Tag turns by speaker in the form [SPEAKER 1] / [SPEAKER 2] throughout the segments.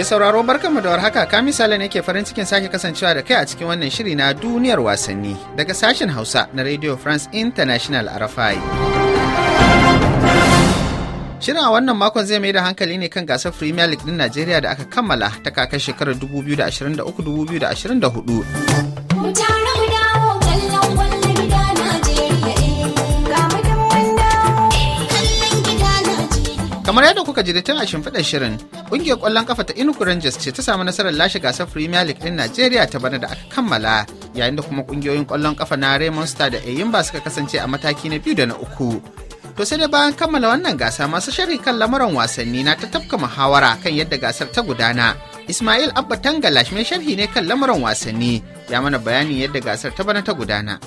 [SPEAKER 1] Mai sauraro barkanmu da warhaka ka misali ne ke farin cikin sake kasancewa da kai a cikin wannan shiri na duniyar wasanni daga sashen Hausa na Radio France International RFI. Shirin a wannan makon zai mai da hankali ne kan gasar Premier League din Najeriya da aka kammala ta kakar shekarar 2023-2024. kamar yadda kuka ji da tun a shimfiɗar shirin ƙungiyar ƙwallon kafa ta inuku rangers ce ta samu nasarar lashe gasar premier league ɗin najeriya ta bana da aka kammala yayin da kuma ƙungiyoyin ƙwallon kafa na raymond star da eyimba suka kasance a mataki na biyu da na uku to sai dai bayan kammala wannan gasa masu sharhi kan lamuran wasanni na ta tafka muhawara kan yadda gasar ta gudana ismail abba tangalash mai sharhi ne kan lamuran wasanni ya mana bayanin yadda gasar ta bana ta gudana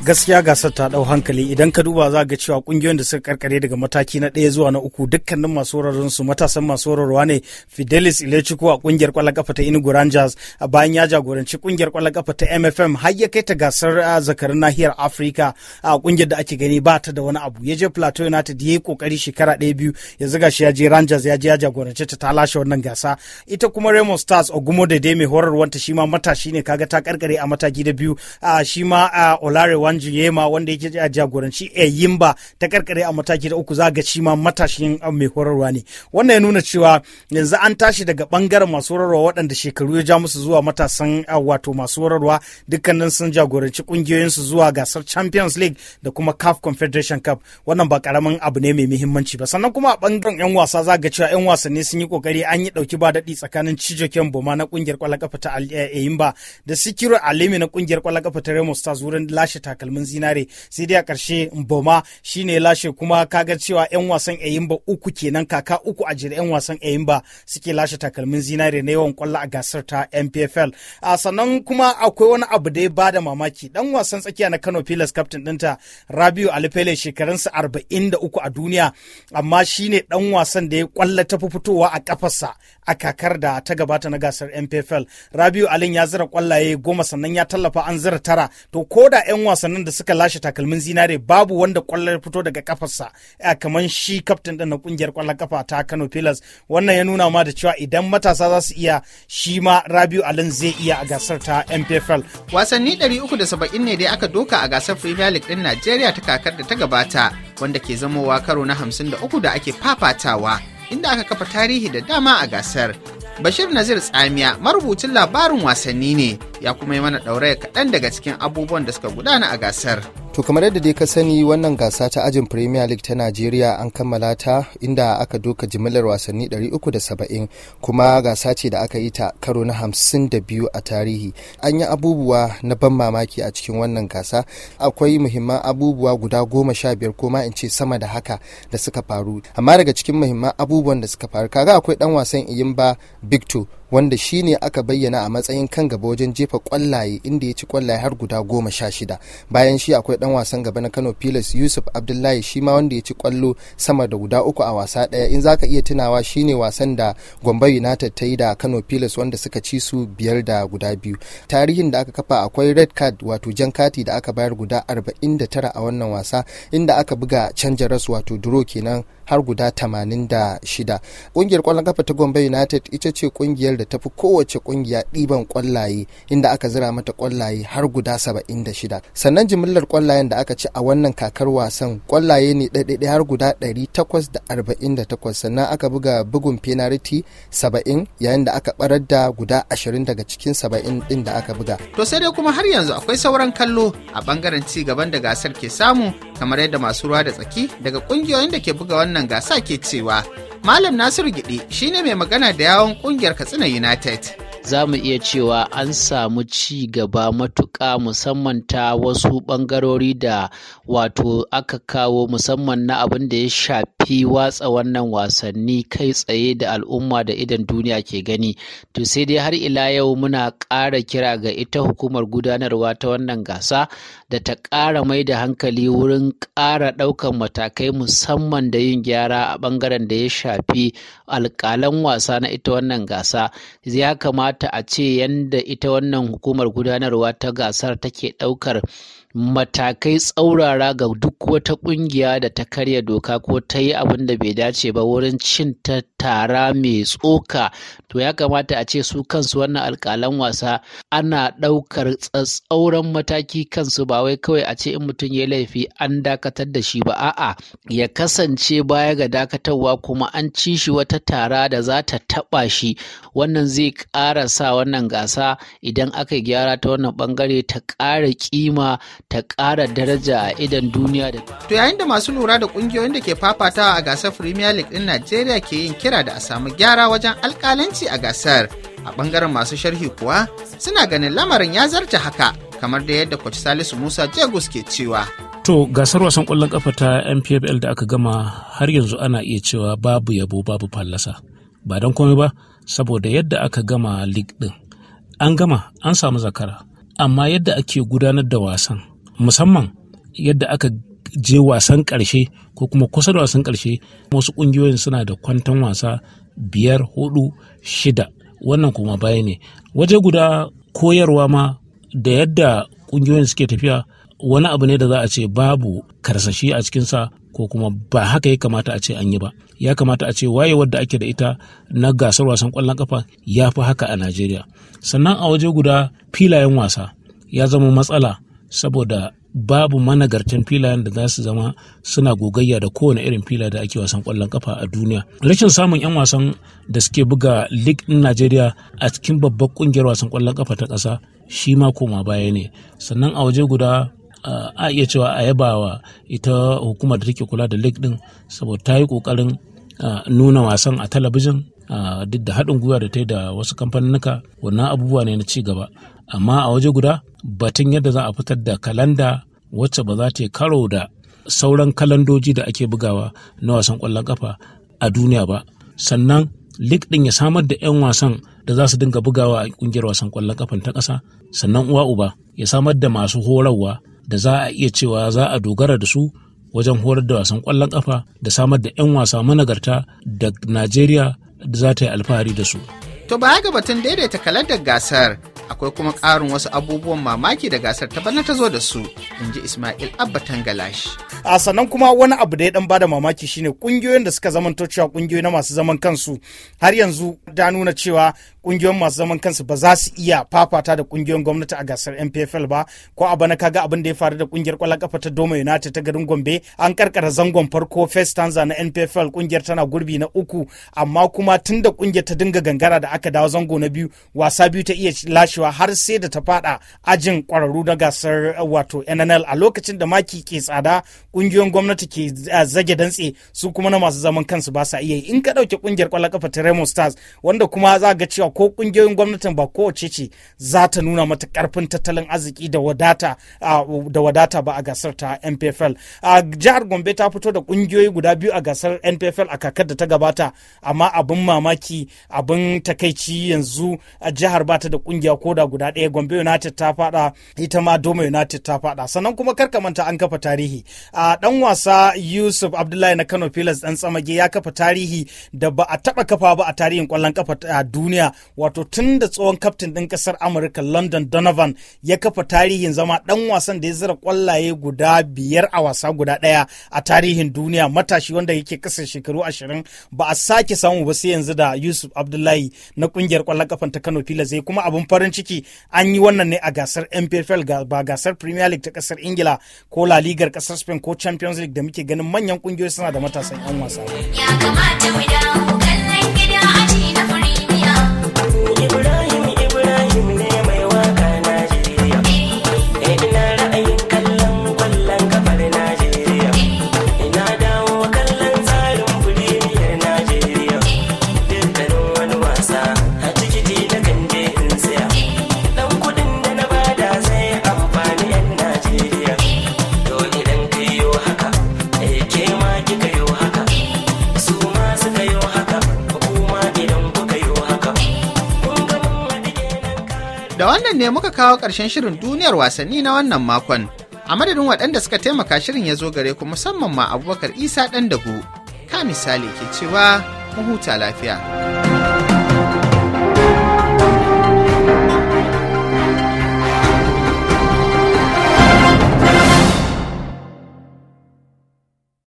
[SPEAKER 2] gaskiya gasar ta dau hankali idan ka duba za ga cewa kungiyoyin da suka karkare daga mataki na ɗaya zuwa na uku dukkanin masu horarwar su matasan masu horarwa ne Fidelis Ilechukwu a kungiyar kwallon kafa ta Enugu Rangers a bayan ya jagoranci kungiyar kwallon kafa ta MFM har ya kai ta gasar zakarin nahiyar afirka a kungiyar da ake gani ba ta da wani abu ya je Plateau United ya yi kokari shekara ɗaya biyu ya zuga shi ya je Rangers ya je ya jagorance ta ta lashe wannan gasa ita kuma remo Stars Ogumo da mai horarwanta shi ma matashi ne kaga ta karkare a mataki da biyu shi ma Olarewa Yema wanda yake a jagoranci Eyimba eh, ta karkare a mataki da uku zaga shi ma matashin eh, mai horarwa ne wannan ya nuna cewa yanzu an tashi daga bangaren masu horarwa waɗanda shekaru ya ja musu zuwa matasan eh, wato masu horarwa dukkanin sun jagoranci ƙungiyoyinsu zuwa gasar Champions League da kuma CAF Confederation Cup wannan ba karamin abu ne mai muhimmanci ba sannan kuma a bangaren yan wasa zaga cewa yan wasanni sun yi kokari an yi dauki ba daɗi tsakanin Chijoken Boma na kungiyar ƙwallon ƙafa ta Eyimba da Sikiru Alimi na kungiyar kwallon ta Remo Stars wurin lashe takalmin zinare sai dai a ƙarshe Mboma shine lashe kuma kaga cewa 'yan wasan ayimba uku kenan kaka uku a jira 'yan wasan ayimba suke lashe takalmin zinare na yawan kwallo a gasar ta NPFL. A sannan kuma akwai wani abu da ya bada mamaki dan wasan tsakiya na Kano Pilas captain dinta Rabiu arba'in shekarunsa uku a duniya amma shine dan wasan da ya kwalla ta fitowa a kafarsa a kakar da ta gabata na gasar MPFL. Rabiu Alin ya zira kwallaye goma sannan ya tallafa an zira tara to ko da 'yan wasan wasannin da suka lashe takalmin zinare babu wanda kwallar fito daga kafarsa kamar shi kaftin din na kungiyar kwallon kafa ta Kano Pillars wannan ya nuna ma da cewa idan matasa za su iya shi ma Rabiu allen zai iya a gasar ta MPFL wasanni 370 ne dai aka doka a gasar Premier League din Najeriya ta kakar da ta
[SPEAKER 1] gabata wanda ke zamowa karo na 53 da ake fafatawa inda aka kafa tarihi da dama a gasar Bashir Nazir Tsamiya marubucin labarin wasanni ne ya kuma yi mana ɗauraya kaɗan daga cikin abubuwan da suka gudana a gasar.
[SPEAKER 3] To kamar yadda dai ka sani wannan gasa ta ajin Premier League ta Najeriya an kammala ta inda aka doka jimillar wasanni 370 kuma gasa ce da aka yi ta karo na 52 a tarihi. An yi abubuwa na ban mamaki a cikin wannan gasa. Akwai muhimman abubuwa guda goma sha biyar ko in ce sama da haka da suka faru. Amma daga cikin muhimman abubuwan da suka faru kaga akwai dan wasan Iyimba Victor wanda shi ne aka bayyana a matsayin kan gaba wajen jefa kwallaye inda ya ci kwallaye har guda goma sha shida. Bayan shi akwai dan wasan gaba na Kano Pilas Yusuf Abdullahi shi ma wanda ya ci kwallo sama da guda uku a wasa ɗaya in zaka iya tunawa shine wasan da Gombe United ta yi da Kano Pilas wanda suka ci su biyar da guda biyu tarihin da aka kafa akwai red card wato jan kati da aka bayar guda 49 a wannan wasa inda aka buga canja ras wato duro kenan har guda 86 kungiyar kwallon kafa ta Gombe United ita ce kungiyar da tafi kowace kungiya ɗiban kwallaye inda aka zira mata kwallaye har guda 76 sannan jimillar kwallaye kwallayen da aka ci a wannan kakar wasan kwallaye ne ɗaiɗaiɗai har guda 848 sannan aka buga bugun fenarity 70 yayin da aka barar da guda 20 daga cikin 70 ɗin da aka buga.
[SPEAKER 1] To sai dai kuma har yanzu akwai sauran kallo a bangaren ci gaban da gasar ke samu kamar yadda masu ruwa da tsaki daga ƙungiyoyin da ke buga wannan gasa ke cewa Malam Nasiru Gidi shine
[SPEAKER 4] mai magana da yawon ƙungiyar Katsina United. za mu iya cewa an samu ci gaba matuƙa musamman ta wasu ɓangarori da wato aka kawo musamman na abin da ya shafi watsa wannan wasanni kai tsaye da al'umma da idan duniya ke gani to sai dai har ila yau muna ƙara kira ga ita hukumar gudanarwa ta wannan gasa da ta ƙara mai da hankali wurin ƙara ɗaukan matakai musamman da yin gyara a ɓangaren da ya shafi alƙalan wasa na ita wannan gasa ya kamata kamata a ce yadda ita wannan hukumar gudanarwa ta gasar take ɗaukar matakai tsaurara ga duk wata ƙungiya da ta karya doka ko ta yi abin da bai dace ba wurin cin ta tara mai tsoka to ya kamata a ce su kansu wannan alkalan wasa ana ɗaukar tsatsauran mataki kansu ba wai kawai a ce in mutum ya laifi an dakatar da shi ba a'a ya kasance baya ga dakatarwa kuma an ci shi wata tara da za ta taɓa shi wannan zai ƙara sa wannan gasa idan aka gyara ta wannan bangare ta ƙara kima ta ƙara daraja a idan duniya da to yayin
[SPEAKER 1] da masu lura da ƙungiyoyin da ke fafatawa a gasar premier league ɗin najeriya ke yin kira da a samu gyara wajen alƙalanci a gasar a ɓangaren masu sharhi kuwa suna ganin lamarin ya zarta haka kamar da yadda coach salisu musa jagus ke cewa
[SPEAKER 5] to gasar wasan ƙwallon ƙafa ta mpfl da aka gama har yanzu ana iya cewa babu yabo babu fallasa ba don komai ba saboda yadda aka gama league ɗin an gama an samu zakara amma yadda ake gudanar da wasan musamman yadda aka je wasan ƙarshe ko kuma kusa da wasan ƙarshe wasu ƙungiyoyin suna da kwantan wasa biyar hudu shida wannan kuma baya ne waje guda koyarwa ma da yadda ƙungiyoyin suke tafiya wani abu ne da za a ce babu karsashi a cikinsa ko kuma ba haka ya kamata a ce an yi ba ya kamata a ce waye wadda ake da ita na gasar wasan kwallon kafa ya fi haka a najeriya sannan a waje guda filayen wasa ya zama matsala saboda babu managartan filayen da za su zama suna gogayya da kowane irin fila da ake wasan kwallon kafa a duniya rashin samun 'yan wasan da suke buga league din najeriya a cikin babbar kungiyar wasan kwallon kafa ta ƙasa shi ma koma baya ne sannan a waje guda a iya cewa a yabawa ita hukumar da take kula da league din saboda ta yi kokarin nuna wasan a talabijin duk da haɗin gwiwa da ta yi da wasu kamfanunuka wannan abubuwa ne na ci gaba amma a waje guda batun yadda za a fitar da kalanda wacce ba za ta karo da sauran kalandoji da ake bugawa na wasan kwallon kafa a duniya ba sannan lig ɗin ya samar da 'yan wasan da za su dinga bugawa a kungiyar wasan kwallon kafan ta ƙasa sannan uwa uba ya samar da masu horarwa da za a iya cewa za a dogara da su wajen horar da wasan kwallon kafa da samar da 'yan wasa managarta da najeriya da za ta yi alfahari da su.
[SPEAKER 1] To baya ga batun daidaita kalandar gasar akwai kuma ƙarin wasu abubuwan
[SPEAKER 2] mamaki da gasar ta bana ta zo da su in ji ismail abba tangalash a sannan kuma wani abu da ya dan bada mamaki shine kungiyoyin da suka zamanto cewa kungiyoyi na masu zaman kansu har yanzu ta nuna cewa kungiyoyin masu zaman kansu ba za su iya fafata da kungiyoyin gwamnati a gasar NPFL ba ko a bana kaga abin da ya faru da kungiyar kwallon kafa ta Doma United ta garin Gombe an karkara zangon farko first stanza na NPFL kungiyar tana gurbi na uku amma kuma tun da kungiyar ta dinga gangara da aka dawo zango na biyu wasa biyu ta iya lashewa har sai da ta fada ajin kwararru na gasar wato NNL a lokacin da maki ke tsada kungiyoyin gwamnati ke eh, zage dantse su kuma na masu zaman kansu ba sa iya in ka dauke kungiyar kwallon kafa ta Remo Stars wanda kuma za ga cewa ko kungiyoyin gwamnatin ba kowace ce za ta nuna mata karfin tattalin arziki da wadata da wadata ba a gasar ta NPFL a jihar Gombe ta fito da kungiyoyi guda biyu a gasar NPFL a kakar da ta gabata amma abin mamaki abin takaici yanzu a jihar ba ta da kungiya da guda ɗaya Gombe United ta fada ita ma Doma United ta fada sannan kuma karka manta an kafa tarihi a dan wasa Yusuf Abdullahi na Kano Pilas dan tsamage ya kafa tarihi da ba a taba kafa ba a tarihin kwallon kafa a duniya wato tun da tsohon kaftin ɗin ƙasar amurka london donovan ya kafa tarihin zama ɗan wasan da ya zira ƙwallaye guda biyar a wasa guda ɗaya a tarihin duniya matashi wanda yake kasa shekaru ashirin ba a sake samu ba sai yanzu da yusuf abdullahi na ƙungiyar ƙwallon kafan ta kano filas zai eh, kuma abin farin ciki an yi wannan ne a gasar mpfl ba gasar premier league ta ƙasar ingila ko la ligar ƙasar spain ko champions league da muke ganin manyan ƙungiyoyi suna da matasan 'yan wasa.
[SPEAKER 5] Ya
[SPEAKER 1] ne muka kawo ƙarshen shirin duniyar wasanni na wannan makon. A madadin waɗanda suka taimaka shirin ya zo gare ku musamman ma Abubakar Isa ɗan dago. Ka misali ke cewa mu huta lafiya.